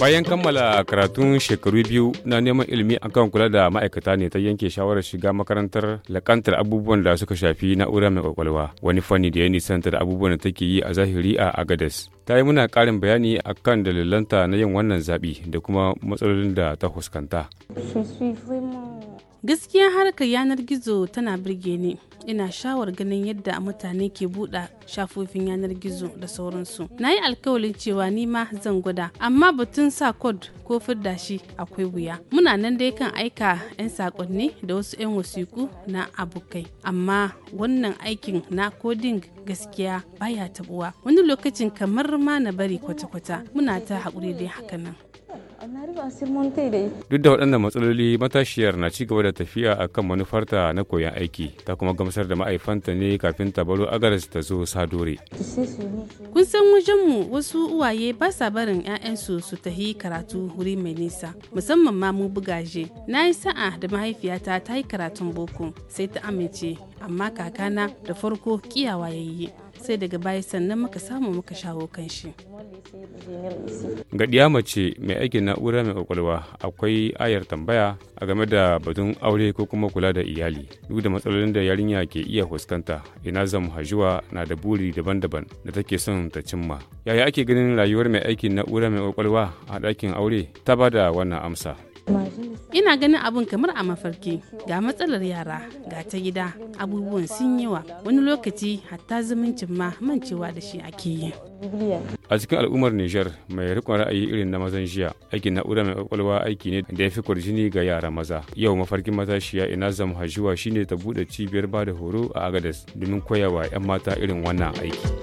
Bayan kammala karatun shekaru biyu na neman ilimi akan kula da ma'aikata ne ta yanke shawarar shiga makarantar lakantar abubuwan da suka shafi na'ura mai kwakwalwa wani fanni da ya nisanta da abubuwan da take yi a zahiri a Agadas. Ta yi muna ƙarin bayani akan dalilanta na yin wannan zaɓi da kuma matsalolin da ta fuskanta. gaskiya harkar yanar gizo tana birge ni ina shawar ganin yadda mutane ke buɗa shafofin yanar gizo da sauransu na yi alkawalin cewa ni ma zan gwada amma batun sa kod ko fidda shi akwai wuya muna nan dai kan aika 'yan sakonni da wasu 'yan wasiku na abokai amma wannan aikin na kodin gaskiya baya tabuwa wani lokacin kamar ma na bari kwata-kwata muna ta haƙuri dai haka nan Duk da waɗannan matsaloli matashiyar na ci gaba da tafiya a kan manufarta na koyon aiki ta kuma gamsar da ma'aifanta ne kafin ta baro agaris ta zo sadore. Kun san wajenmu wasu uwaye ba sa barin 'ya'yansu su tafi karatu wuri mai nisa musamman ma mu bugaje. Na yi sa'a da mahaifiyata ta yi karatun boko sai ta amince amma kakana da farko kiyawa ya yi. sai daga baya sannan muka samu muka shawo kan shi Gadiya mace mai aikin na'ura mai kwakwalwa akwai ayar tambaya a game da batun aure ko kuma kula da iyali duk da matsalolin da yarinya ke iya fuskanta ina zam hajuwa na da buri daban-daban da take son ta cimma yaya ake ganin rayuwar mai aikin na'ura mai kwakwalwa a ɗakin aure ta ba da wannan amsa ina ganin abun kamar a mafarki ga matsalar yara ga ta gida abubuwan sun yi yawa wani lokaci hatta zumuncin ma mancewa da shi ake yi a cikin al'ummar nijar mai rikon ra'ayi irin na mazan jiya aikin na'ura mai kwakwalwa aiki ne da ya fi kwarjini ga yara maza yau mafarkin matashiya ina zam hajuwa shine ta bude cibiyar bada horo a agadas domin koyawa 'yan mata irin wannan aiki